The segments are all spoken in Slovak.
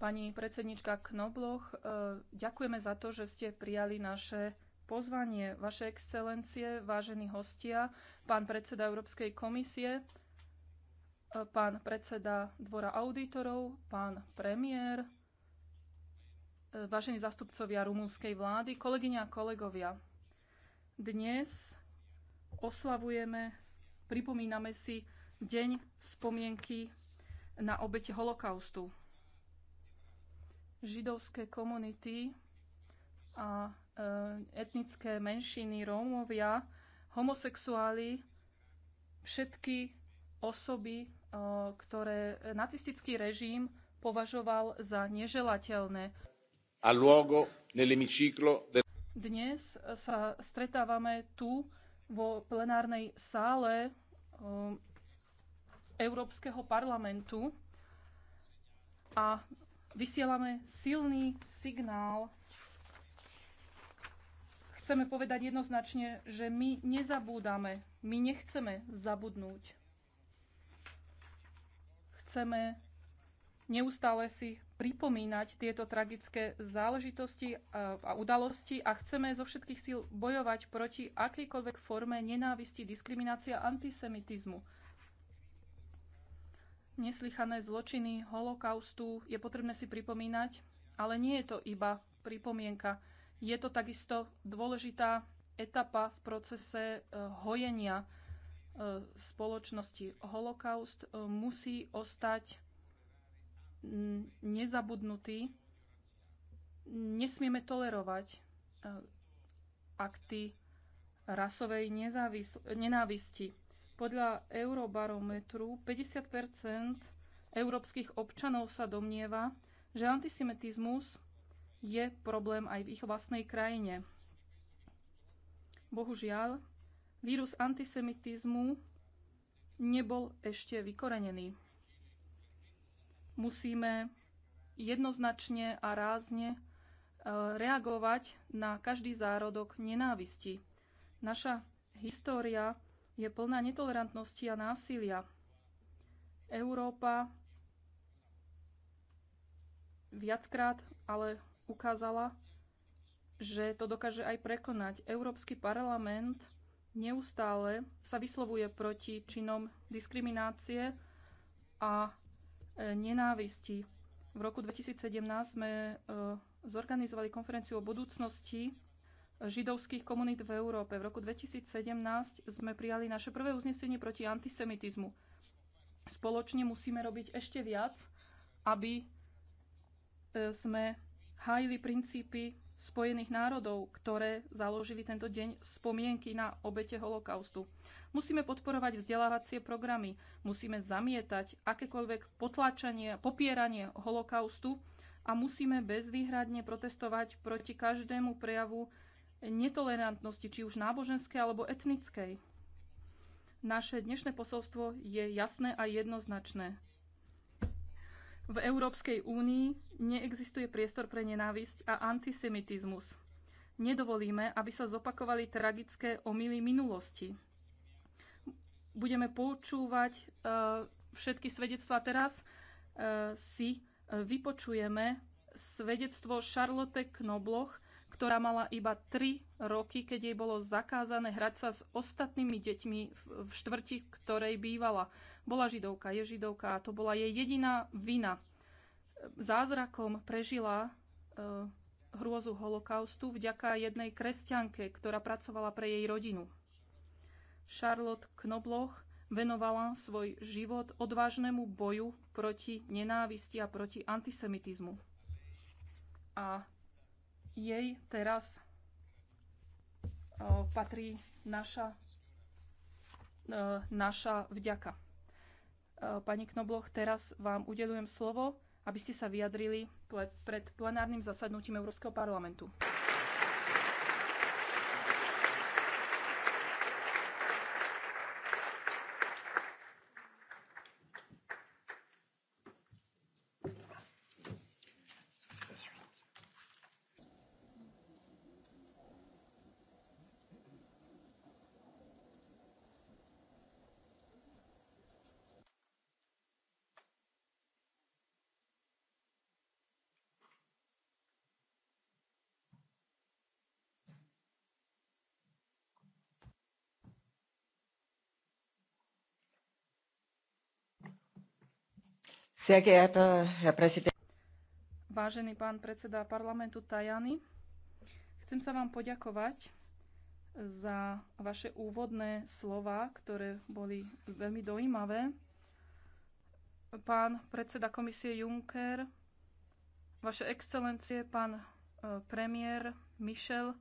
Pani predsednička Knobloch, e, ďakujeme za to, že ste prijali naše pozvanie. Vaše excelencie, vážení hostia, pán predseda Európskej komisie, e, pán predseda Dvora auditorov, pán premiér, e, vážení zastupcovia rumúnskej vlády, kolegyňa a kolegovia. Dnes oslavujeme, pripomíname si Deň spomienky na obete holokaustu. Židovské komunity a e, etnické menšiny, Rómovia, homosexuáli, všetky osoby, e, ktoré nacistický režim považoval za neželateľné. Dnes sa stretávame tu vo plenárnej sále e, Európskeho parlamentu a vysielame silný signál. Chceme povedať jednoznačne, že my nezabúdame, my nechceme zabudnúť. Chceme neustále si pripomínať tieto tragické záležitosti a udalosti a chceme zo všetkých síl bojovať proti akejkoľvek forme nenávisti, diskriminácia a antisemitizmu neslychané zločiny holokaustu je potrebné si pripomínať, ale nie je to iba pripomienka. Je to takisto dôležitá etapa v procese e, hojenia e, spoločnosti. Holokaust e, musí ostať nezabudnutý. Nesmieme tolerovať akty rasovej nenávisti podľa Eurobarometru 50 európskych občanov sa domnieva, že antisemitizmus je problém aj v ich vlastnej krajine. Bohužiaľ, vírus antisemitizmu nebol ešte vykorenený. Musíme jednoznačne a rázne e, reagovať na každý zárodok nenávisti. Naša história je plná netolerantnosti a násilia. Európa viackrát ale ukázala, že to dokáže aj prekonať. Európsky parlament neustále sa vyslovuje proti činom diskriminácie a e, nenávisti. V roku 2017 sme e, zorganizovali konferenciu o budúcnosti židovských komunít v Európe. V roku 2017 sme prijali naše prvé uznesenie proti antisemitizmu. Spoločne musíme robiť ešte viac, aby e, sme hájili princípy Spojených národov, ktoré založili tento deň spomienky na obete holokaustu. Musíme podporovať vzdelávacie programy, musíme zamietať akékoľvek potláčanie, popieranie holokaustu a musíme bezvýhradne protestovať proti každému prejavu netolerantnosti, či už náboženskej alebo etnickej. Naše dnešné posolstvo je jasné a jednoznačné. V Európskej únii neexistuje priestor pre nenávisť a antisemitizmus. Nedovolíme, aby sa zopakovali tragické omily minulosti. Budeme počúvať e, všetky svedectvá teraz. E, si vypočujeme svedectvo Charlotte Knobloch, ktorá mala iba 3 roky, keď jej bolo zakázané hrať sa s ostatnými deťmi v štvrti, ktorej bývala. Bola židovka, je židovka a to bola jej jediná vina. Zázrakom prežila e, hrôzu holokaustu vďaka jednej kresťanke, ktorá pracovala pre jej rodinu. Charlotte Knobloch venovala svoj život odvážnemu boju proti nenávisti a proti antisemitizmu. A jej teraz patrí naša, naša vďaka. Pani Knobloch, teraz vám udelujem slovo, aby ste sa vyjadrili pred plenárnym zasadnutím Európskeho parlamentu. Sehr geehrter Herr Präsident. Vážený pán predseda parlamentu Tajany, chcem sa vám poďakovať za vaše úvodné slova, ktoré boli veľmi dojímavé. Pán predseda komisie Juncker, vaše excelencie, pán e, premiér Michel, e,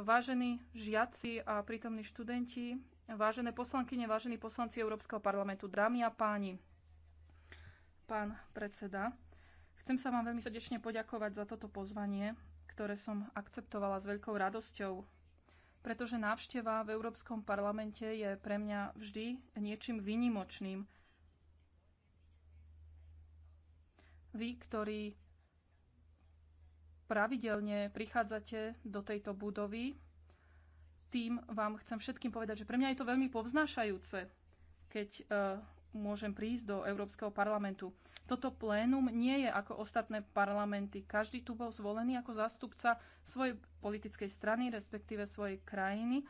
vážení žiaci a prítomní študenti, vážené poslankyne, vážení poslanci Európskeho parlamentu, dámy a páni, pán predseda. Chcem sa vám veľmi srdečne poďakovať za toto pozvanie, ktoré som akceptovala s veľkou radosťou, pretože návšteva v Európskom parlamente je pre mňa vždy niečím výnimočným. Vy, ktorí pravidelne prichádzate do tejto budovy, tým vám chcem všetkým povedať, že pre mňa je to veľmi povznášajúce, keď e, môžem prísť do Európskeho parlamentu. Toto plénum nie je ako ostatné parlamenty. Každý tu bol zvolený ako zástupca svojej politickej strany, respektíve svojej krajiny.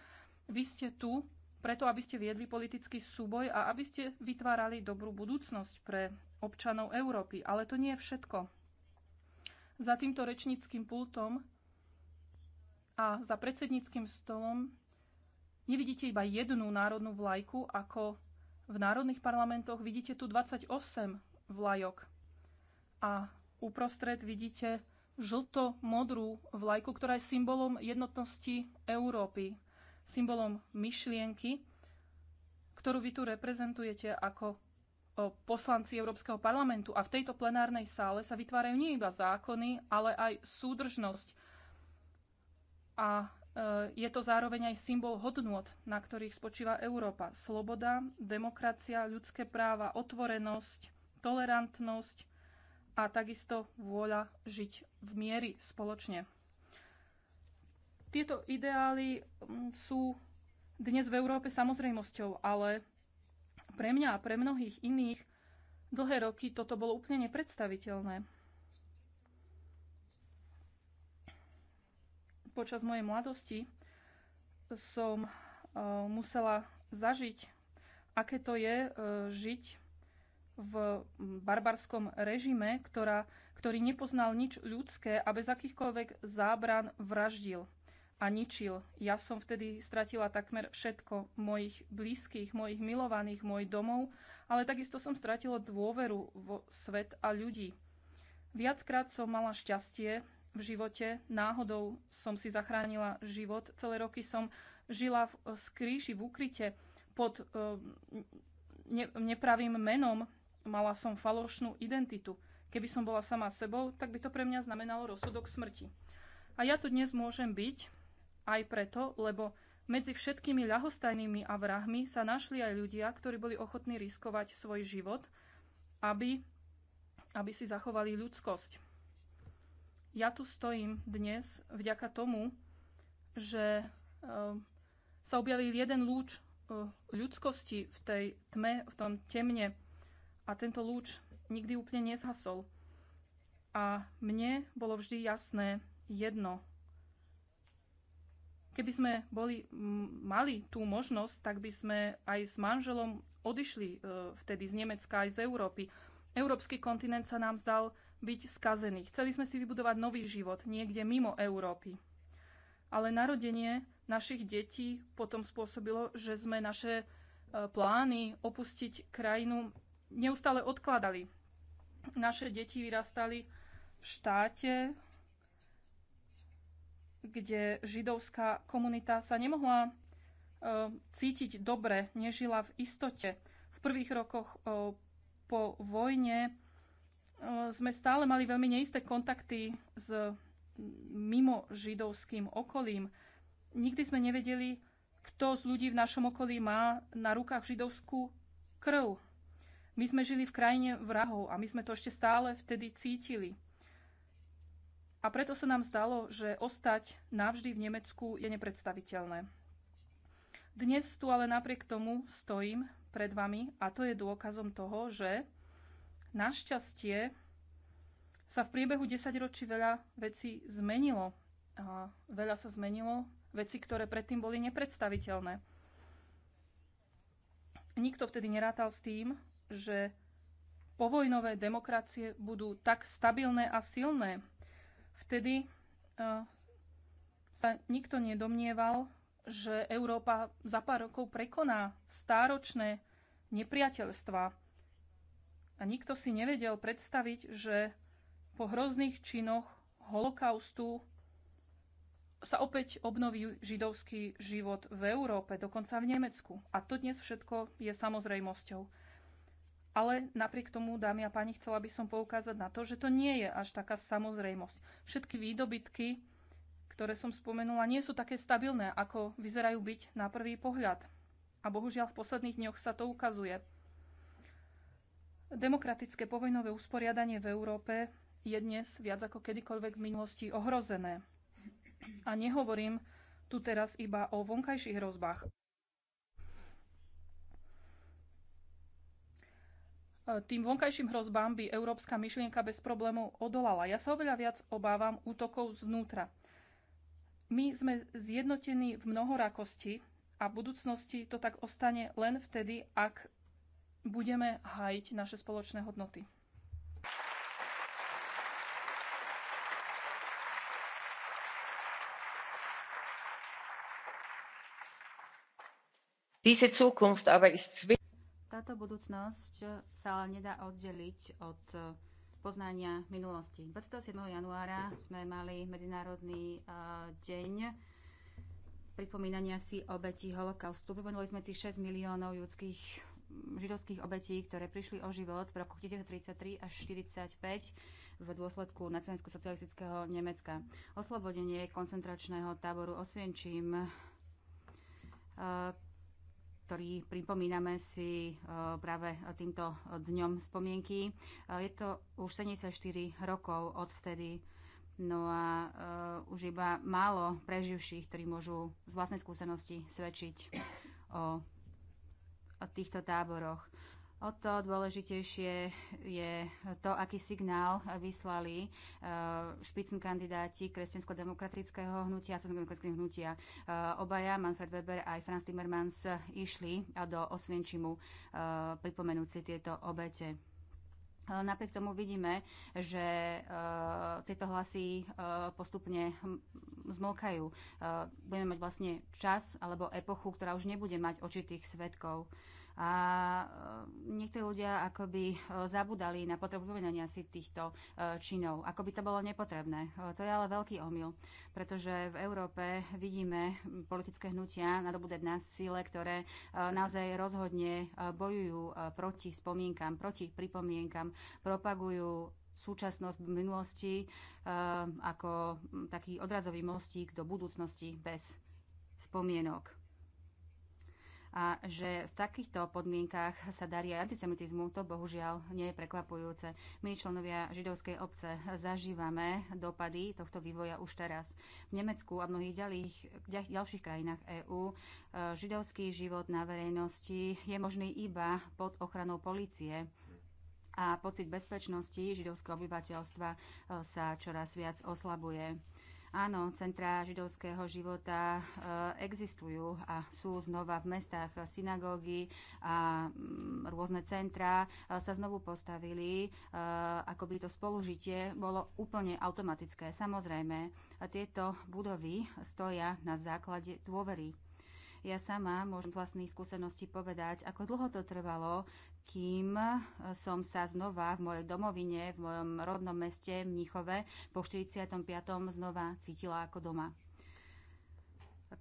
Vy ste tu preto, aby ste viedli politický súboj a aby ste vytvárali dobrú budúcnosť pre občanov Európy. Ale to nie je všetko. Za týmto rečníckým pultom a za predsedníckým stolom nevidíte iba jednu národnú vlajku ako v národných parlamentoch vidíte tu 28 vlajok a uprostred vidíte žlto-modrú vlajku, ktorá je symbolom jednotnosti Európy, symbolom myšlienky, ktorú vy tu reprezentujete ako poslanci Európskeho parlamentu. A v tejto plenárnej sále sa vytvárajú nie iba zákony, ale aj súdržnosť. A Eh, je to zároveň aj symbol hodnôt, na ktorých spočíva Európa. Sloboda, demokracia, ľudské práva, otvorenosť, tolerantnosť a takisto vôľa žiť v miery spoločne. Tieto ideály mm, sú dnes v Európe samozrejmosťou, ale pre mňa a pre mnohých iných dlhé roky toto bolo úplne nepredstaviteľné. Počas mojej mladosti som e, musela zažiť, aké to je e, žiť v barbarskom režime, ktorá, ktorý nepoznal nič ľudské a bez akýchkoľvek zábran vraždil a ničil. Ja som vtedy stratila takmer všetko mojich blízkych, mojich milovaných, môj domov, ale takisto som stratila dôveru vo svet a ľudí. Viackrát som mala šťastie, v živote. Náhodou som si zachránila život. Celé roky som žila v skríši v ukryte pod eh, ne, nepravým menom. Mala som falošnú identitu. Keby som bola sama sebou, tak by to pre mňa znamenalo rozsudok smrti. A ja tu dnes môžem byť aj preto, lebo medzi všetkými ľahostajnými a vrahmi sa našli aj ľudia, ktorí boli ochotní riskovať svoj život, aby, aby si zachovali ľudskosť. Ja tu stojím dnes vďaka tomu, že eh, sa objavil jeden lúč eh, ľudskosti v tej tme, v tom temne. A tento lúč nikdy úplne nezhasol. A mne bolo vždy jasné jedno. Keby sme boli, mali tú možnosť, tak by sme aj s manželom odišli eh, vtedy z Nemecka, aj z Európy. Európsky kontinent sa nám zdal byť skazení. Chceli sme si vybudovať nový život niekde mimo Európy. Ale narodenie našich detí potom spôsobilo, že sme naše e, plány opustiť krajinu neustále odkladali. Naše deti vyrastali v štáte, kde židovská komunita sa nemohla e, cítiť dobre, nežila v istote. V prvých rokoch e, po vojne Eh, sme stále mali veľmi neisté kontakty s mimo židovským okolím. Nikdy sme nevedeli, kto z ľudí v našom okolí má na rukách židovskú krv. My sme žili v krajine vrahov a my sme to ešte stále vtedy cítili. A preto sa nám zdalo, že ostať navždy v Nemecku je nepredstaviteľné. Dnes tu ale napriek tomu stojím pred vami a to je dôkazom toho, že Našťastie sa v priebehu 10 ročí veľa vecí zmenilo. A veľa sa zmenilo, veci, ktoré predtým boli nepredstaviteľné. Nikto vtedy nerátal s tým, že povojnové demokracie budú tak stabilné a silné. Vtedy e, sa nikto nedomnieval, že Európa za pár rokov prekoná stáročné nepriateľstva. A nikto si nevedel predstaviť, že po hrozných činoch holokaustu sa opäť obnoví židovský život v Európe, dokonca v Nemecku. A to dnes všetko je samozrejmosťou. Ale napriek tomu, dámy a páni, chcela by som poukázať na to, že to nie je až taká samozrejmosť. Všetky výdobytky, ktoré som spomenula, nie sú také stabilné, ako vyzerajú byť na prvý pohľad. A bohužiaľ v posledných dňoch sa to ukazuje. Demokratické povojnové usporiadanie v Európe je dnes viac ako kedykoľvek v minulosti ohrozené. A nehovorím tu teraz iba o vonkajších hrozbách. Tým vonkajším hrozbám by európska myšlienka bez problémov odolala. Ja sa oveľa viac obávam útokov znútra. My sme zjednotení v mnohorakosti a v budúcnosti to tak ostane len vtedy, ak budeme hájiť naše spoločné hodnoty. Táto budúcnosť sa ale nedá oddeliť od eh, poznania minulosti. 27. januára sme mali Medzinárodný eh, deň pripomínania si obeti holokaustu. Pripomenuli sme tých 6 miliónov ľudských židovských obetí, ktoré prišli o život v roku 1933 až 1945 v dôsledku nacionalisticko-socialistického Nemecka. Oslobodenie koncentračného táboru Osvienčím, e, ktorý pripomíname si e, práve týmto dňom spomienky. E, je to už 74 rokov od vtedy, no a už iba málo preživších, ktorí môžu z vlastnej skúsenosti svedčiť o v týchto táboroch. O to dôležitejšie je to, aký signál vyslali e, špicn kandidáti kresťansko-demokratického hnutia a demokratického hnutia. E, obaja, Manfred Weber a aj Franz Timmermans, išli do Osvienčimu e, pripomenúci tieto obete. E, napriek tomu vidíme, že uh, tieto hlasy uh, postupne zmlkajú. Uh, budeme mať vlastne čas alebo epochu, ktorá už nebude mať očitých svetkov. Uh, a e, niektorí ľudia akoby e, zabudali na potrebu pomenania si týchto e, činov. Ako by to bolo nepotrebné. To je ale veľký omyl, pretože v Európe vidíme politické hnutia nadobúdať na síle, ktoré naozaj rozhodne bojujú proti spomienkam, proti pripomienkam, propagujú súčasnosť v minulosti ako taký odrazový mostík do budúcnosti bez spomienok a že v takýchto podmienkach sa darí aj antisemitizmu, to bohužiaľ nie je prekvapujúce. My, členovia židovskej obce, zažívame dopady tohto vývoja už teraz. V Nemecku a mnohých ďalých, ďalších krajinách EÚ e, židovský život na verejnosti je možný iba pod ochranou policie a pocit bezpečnosti židovského obyvateľstva e, sa čoraz viac oslabuje. Áno, centrá židovského života eh, existujú a sú znova v mestách eh, synagógy a mm, rôzne centrá eh, sa znovu postavili, ako by to spolužitie bolo úplne automatické. Samozrejme, tieto budovy stoja na základe dôvery ja sama môžem z vlastných skúsenosti povedať, ako dlho to trvalo, kým e, som sa znova v mojej domovine, v mojom rodnom meste Mníchove po 45. znova cítila ako doma.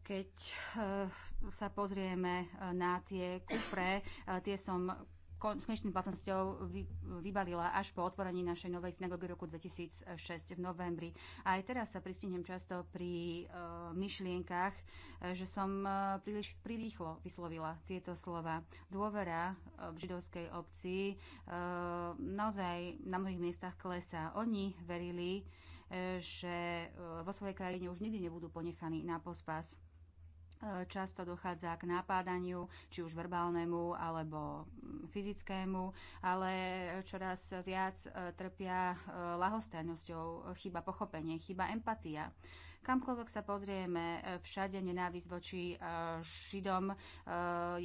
Keď e, sa pozrieme e, na tie kufre, tie som konečným platnosťou vy, vybalila až po otvorení našej novej synagógy roku 2006 v novembri. A aj teraz sa pristihnem často pri uh, myšlienkach, eh, že som uh, príliš prirýchlo vyslovila tieto slova. Dôvera v židovskej obci uh, naozaj na mnohých miestach klesá. Oni verili, že vo svojej krajine už nikdy nebudú ponechaní na pospas. E, často dochádza k napádaniu, či už verbálnemu alebo mm, fyzickému, ale čoraz viac e, trpia e, lahostajnosťou, chyba pochopenie, chyba empatia. Kamkoľvek sa pozrieme, e, všade nenávisť voči e, Židom e,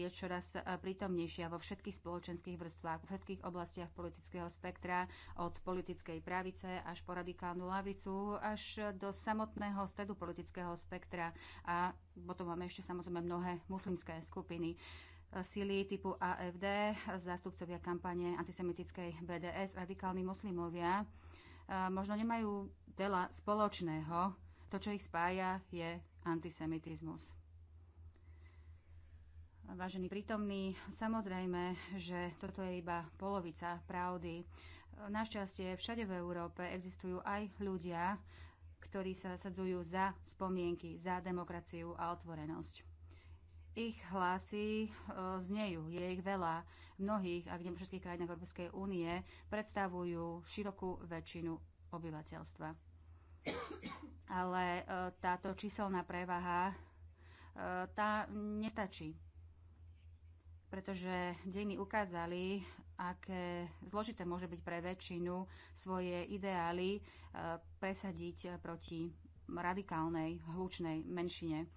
je čoraz prítomnejšia vo všetkých spoločenských vrstvách, vo všetkých oblastiach politického spektra, od politickej pravice až po radikálnu lavicu, až do samotného stredu politického spektra. A potom máme ešte samozrejme mnohé muslimské skupiny síly typu AFD, zástupcovia kampane antisemitickej BDS, radikálni moslimovia, možno nemajú veľa spoločného to, čo ich spája, je antisemitizmus. Vážení prítomní, samozrejme, že toto je iba polovica pravdy. Našťastie všade v Európe existujú aj ľudia, ktorí sa sadzujú za spomienky, za demokraciu a otvorenosť. Ich hlasy e, znejú, je ich veľa. V mnohých, ak nie všetkých krajinách Európskej únie, predstavujú širokú väčšinu obyvateľstva ale e, táto číselná prevaha e, tá nestačí. Pretože dejiny ukázali, aké zložité môže byť pre väčšinu svoje ideály e, presadiť proti radikálnej, hlučnej menšine.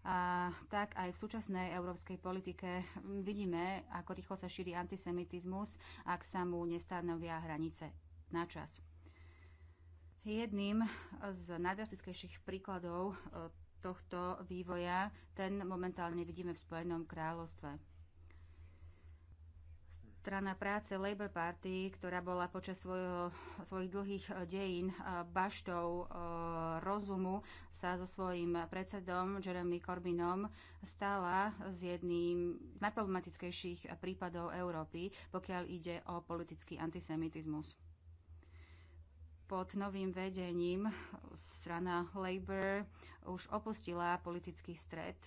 A tak aj v súčasnej európskej politike vidíme, ako rýchlo sa šíri antisemitizmus, ak sa mu nestanovia hranice na čas. Jedným z najdrastickejších príkladov e, tohto vývoja, ten momentálne vidíme v Spojenom kráľovstve. Strana práce Labour Party, ktorá bola počas svojho, svojich dlhých e, dejín e, baštou rozumu, sa so svojím predsedom Jeremy Corbynom stala s jedným z najproblematickejších prípadov Európy, pokiaľ ide o politický antisemitizmus pod novým vedením strana Labour už opustila politický stred.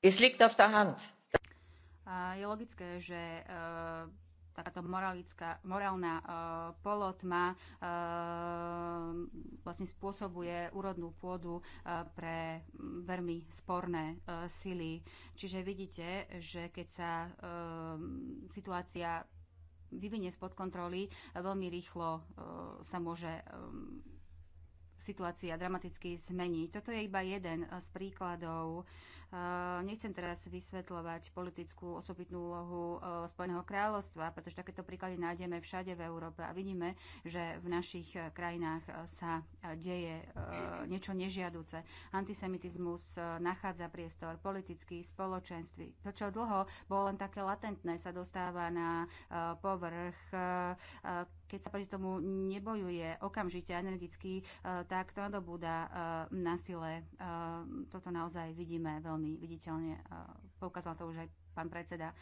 Es liegt auf der Hand. je logické, že takáto moralická, morálna uh, polotma uh, vlastne spôsobuje úrodnú pôdu uh, pre veľmi sporné uh, sily. Čiže vidíte, že keď sa uh, situácia vyvinie spod kontroly, veľmi rýchlo uh, sa môže um, situácia dramaticky zmení. Toto je iba jeden z príkladov. E, nechcem teraz vysvetľovať politickú osobitnú úlohu e, Spojeného kráľovstva, pretože takéto príklady nájdeme všade v Európe a vidíme, že v našich e, krajinách sa deje niečo nežiaduce. Antisemitizmus nachádza priestor politický, spoločenství. To, čo dlho bolo len také latentné, sa dostáva na povrch keď sa proti tomu nebojuje okamžite energicky, e, tak to nadobúda e, na sile. E, toto naozaj vidíme veľmi viditeľne. Poukázal to už aj pán predseda.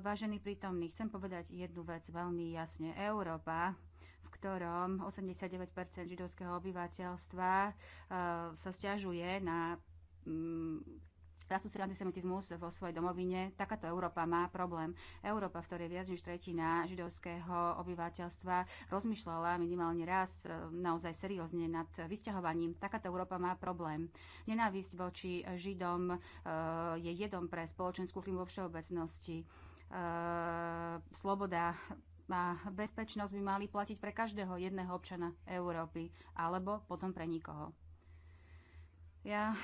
Vážený prítomný, chcem povedať jednu vec veľmi jasne. Európa, v ktorom 89 židovského obyvateľstva sa stiažuje na mm, rastúci antisemitizmus vo svojej domovine. Takáto Európa má problém. Európa, v ktorej viac než tretina židovského obyvateľstva rozmýšľala minimálne raz e, naozaj seriózne nad vysťahovaním. Takáto Európa má problém. Nenávisť voči Židom e, je jedom pre spoločenskú klimu vo všeobecnosti. E, sloboda a bezpečnosť by mali platiť pre každého jedného občana Európy alebo potom pre nikoho. Ja eh,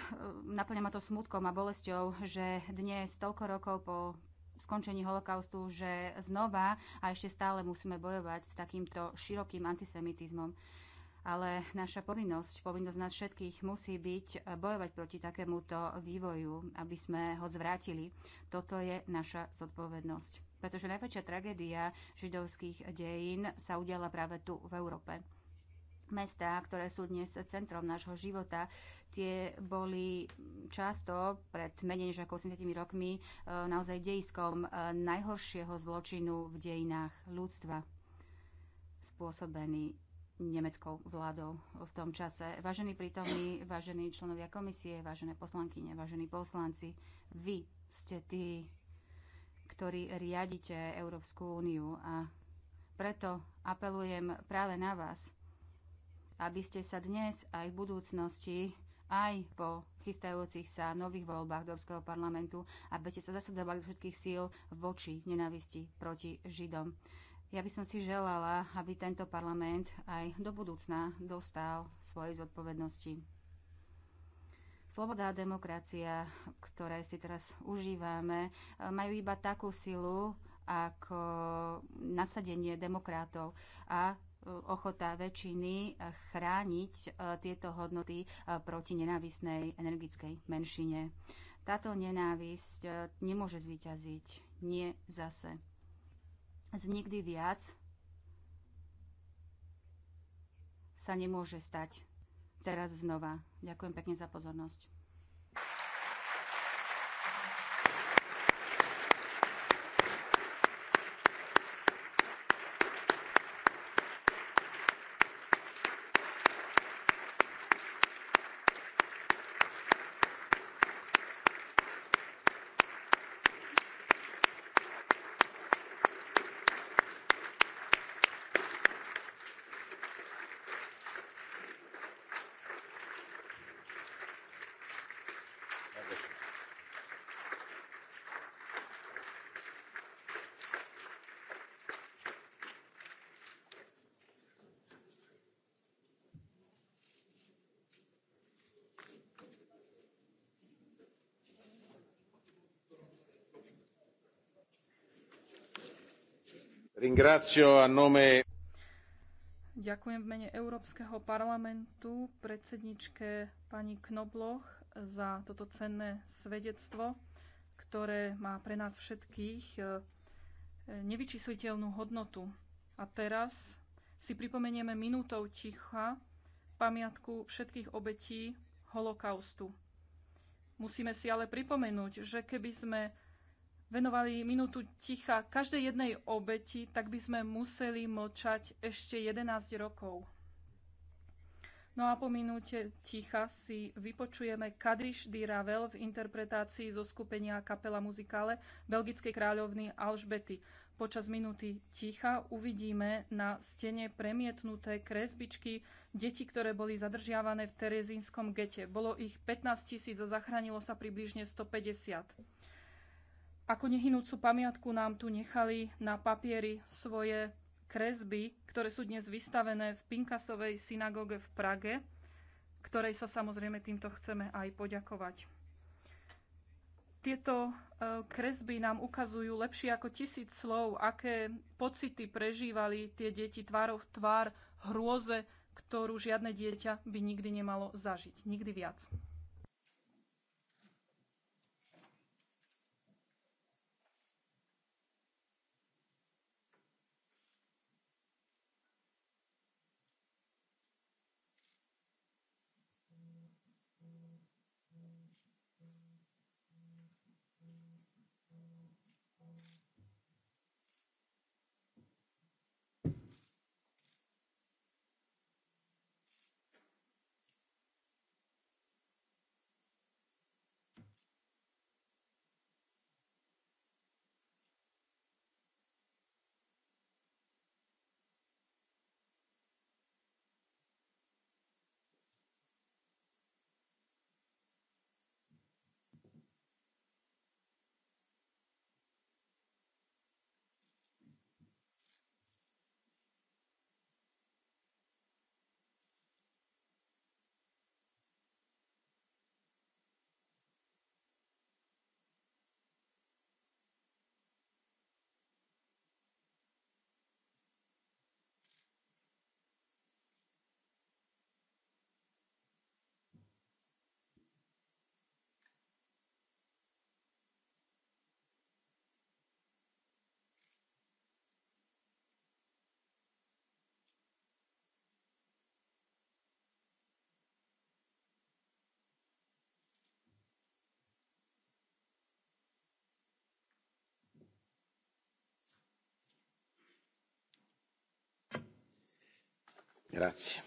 naplňa ma to smutkom a bolesťou, že dnes, toľko rokov po skončení holokaustu, že znova a ešte stále musíme bojovať s takýmto širokým antisemitizmom. Ale naša povinnosť, povinnosť nás všetkých musí byť eh, bojovať proti takémuto vývoju, aby sme ho zvrátili. Toto je naša zodpovednosť. Pretože najväčšia tragédia židovských dejín sa udiala práve tu v Európe mestá, ktoré sú dnes centrom nášho života, tie boli často pred menej než ako 80 rokmi e, naozaj dejiskom e, najhoršieho zločinu v dejinách ľudstva spôsobený nemeckou vládou v tom čase. Vážení prítomní, vážení členovia komisie, vážené poslankyne, vážení poslanci, vy ste tí, ktorí riadite Európsku úniu a preto apelujem práve na vás, aby ste sa dnes aj v budúcnosti aj po chystajúcich sa nových voľbách do Európskeho parlamentu, aby ste sa zasadzovali všetkých síl voči nenavisti proti Židom. Ja by som si želala, aby tento parlament aj do budúcna dostal svojej zodpovednosti. Sloboda a demokracia, ktoré si teraz užívame, majú iba takú silu, ako nasadenie demokratov a ochota väčšiny eh, chrániť eh, tieto hodnoty eh, proti nenávisnej energickej menšine. Táto nenávisť nemôže zvíťaziť. Nie zase. Z nikdy viac sa nemôže stať teraz znova. Ďakujem pekne za pozornosť. Ďakujem v mene Európskeho parlamentu predsedničke pani Knobloch za toto cenné svedectvo, ktoré má pre nás všetkých e, nevyčísliteľnú hodnotu. A teraz si pripomenieme minútou ticha pamiatku všetkých obetí holokaustu. Musíme si ale pripomenúť, že keby sme venovali minútu ticha každej jednej obeti, tak by sme museli mlčať ešte 11 rokov. No a po minúte ticha si vypočujeme Kadriš Ravel v interpretácii zo skupenia kapela muzikále belgickej kráľovny Alžbety. Počas minúty ticha uvidíme na stene premietnuté kresbičky detí, ktoré boli zadržiavané v Terezínskom gete. Bolo ich 15 tisíc a zachránilo sa približne 150. Ako nehynúcu pamiatku nám tu nechali na papieri svoje kresby, ktoré sú dnes vystavené v Pinkasovej synagóge v Prage, ktorej sa samozrejme týmto chceme aj poďakovať. Tieto e, kresby nám ukazujú lepšie ako tisíc slov, aké pocity prežívali tie deti tvárov v tvár hrôze, ktorú žiadne dieťa by nikdy nemalo zažiť. Nikdy viac. grazie.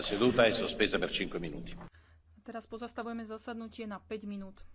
La seduta è sospesa per 5 minuti. Teraz pozastavujeme zasadnutie na 5 minút.